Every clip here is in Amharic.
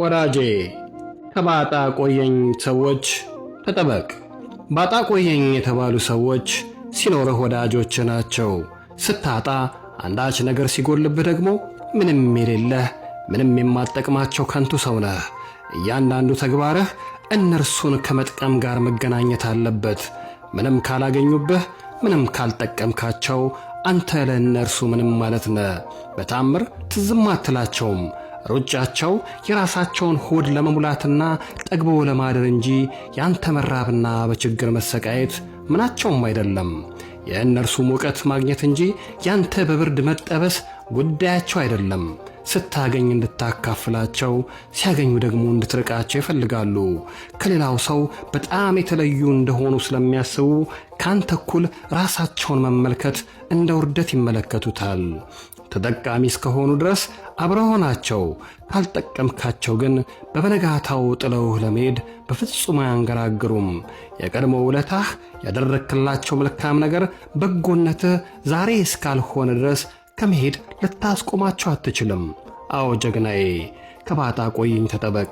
ወዳጄ ከባጣ ቆየኝ ሰዎች ተጠበቅ። ባጣ ቆየኝ የተባሉ ሰዎች ሲኖርህ ወዳጆች ናቸው። ስታጣ አንዳች ነገር ሲጎልብህ ደግሞ ምንም የሌለህ ምንም የማትጠቅማቸው ከንቱ ሰው ነህ። እያንዳንዱ ተግባርህ እነርሱን ከመጥቀም ጋር መገናኘት አለበት። ምንም ካላገኙብህ፣ ምንም ካልጠቀምካቸው አንተ ለእነርሱ ምንም ማለት ነህ። በታምር ትዝም አትላቸውም። ሩጫቸው የራሳቸውን ሆድ ለመሙላትና ጠግቦ ለማደር እንጂ ያንተ መራብና በችግር መሰቃየት ምናቸውም አይደለም። የእነርሱ ሙቀት ማግኘት እንጂ ያንተ በብርድ መጠበስ ጉዳያቸው አይደለም። ስታገኝ እንድታካፍላቸው፣ ሲያገኙ ደግሞ እንድትርቃቸው ይፈልጋሉ። ከሌላው ሰው በጣም የተለዩ እንደሆኑ ስለሚያስቡ ካንተ እኩል ራሳቸውን መመልከት እንደ ውርደት ይመለከቱታል። ተጠቃሚ እስከሆኑ ድረስ አብረሆ ናቸው። ካልጠቀምካቸው ግን በበነጋታው ጥለውህ ለመሄድ በፍጹም አያንገራግሩም። የቀድሞ ውለታህ፣ ያደረክላቸው መልካም ነገር፣ በጎነትህ ዛሬ እስካልሆነ ድረስ ከመሄድ ልታስቆማቸው አትችልም። አዎ ጀግናዬ፣ ከባጣ ቆይኝ ተጠበቅ።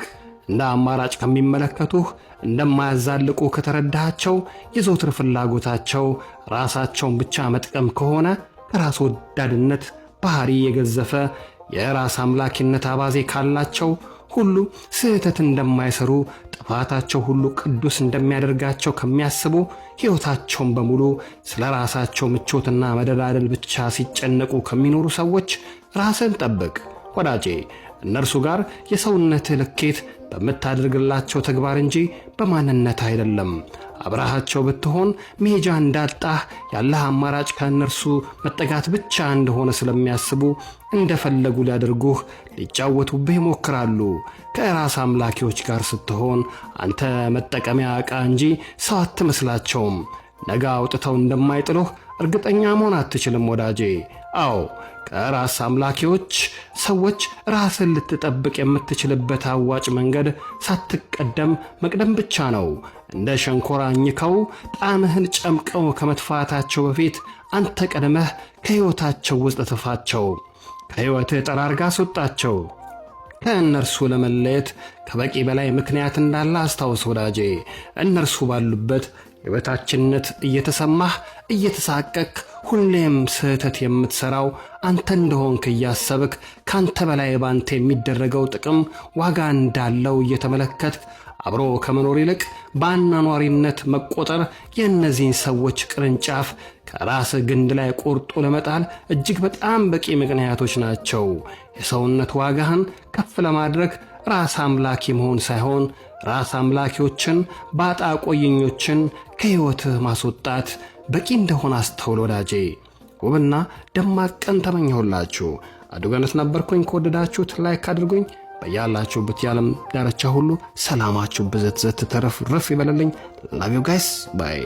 እንደ አማራጭ ከሚመለከቱህ እንደማያዛልቁ ከተረዳሃቸው የዘውትር ፍላጎታቸው ራሳቸውን ብቻ መጥቀም ከሆነ ከራስ ወዳድነት ባህሪ የገዘፈ የራስ አምላኪነት አባዜ ካላቸው ሁሉ ስህተት እንደማይሰሩ ጥፋታቸው ሁሉ ቅዱስ እንደሚያደርጋቸው ከሚያስቡ ሕይወታቸውን በሙሉ ስለ ራሳቸው ምቾትና መደላደል ብቻ ሲጨነቁ ከሚኖሩ ሰዎች ራስን ጠብቅ ወዳጄ። እነርሱ ጋር የሰውነት ልኬት በምታደርግላቸው ተግባር እንጂ በማንነት አይደለም። አብረሃቸው ብትሆን መሄጃ እንዳጣህ ያለህ አማራጭ ከእነርሱ መጠጋት ብቻ እንደሆነ ስለሚያስቡ እንደፈለጉ ሊያደርጉህ ሊጫወቱብህ ይሞክራሉ። ከራስ አምላኪዎች ጋር ስትሆን አንተ መጠቀሚያ ዕቃ እንጂ ሰው አትመስላቸውም። ነገ አውጥተው እንደማይጥሉህ እርግጠኛ መሆን አትችልም ወዳጄ። አዎ ከራስ አምላኪዎች ሰዎች ራስን ልትጠብቅ የምትችልበት አዋጭ መንገድ ሳትቀደም መቅደም ብቻ ነው። እንደ ሸንኮራ አኝከው ጣምህን ጨምቀው ከመጥፋታቸው በፊት አንተ ቀድመህ ከሕይወታቸው ውስጥ ትፋቸው፣ ከሕይወትህ ጠራርጋ አስወጣቸው። ከእነርሱ ለመለየት ከበቂ በላይ ምክንያት እንዳለ አስታውስ ወዳጄ። እነርሱ ባሉበት የበታችነት እየተሰማህ እየተሳቀክ ሁሌም ስህተት የምትሠራው አንተ እንደሆንክ እያሰብክ ካንተ በላይ ባንተ የሚደረገው ጥቅም ዋጋ እንዳለው እየተመለከት አብሮ ከመኖር ይልቅ በአናኗሪነት መቆጠር የእነዚህን ሰዎች ቅርንጫፍ ከራስ ግንድ ላይ ቆርጦ ለመጣል እጅግ በጣም በቂ ምክንያቶች ናቸው። የሰውነት ዋጋህን ከፍ ለማድረግ ራስ አምላኪ መሆን ሳይሆን ራስ አምላኪዎችን ባጣ ቆይኞችን ከሕይወትህ ማስወጣት በቂ እንደሆነ አስተውል ወዳጄ። ውብና ደማቅ ቀን ተመኘሁላችሁ። አዱገነት ነበርኩኝ። ከወደዳችሁት ላይክ አድርጉኝ። በያላችሁበት የዓለም ዳርቻ ሁሉ ሰላማችሁ ብዘት ዘት ተረፍ ረፍ ይበለልኝ። ላቭ ዩ ጋይስ ባይ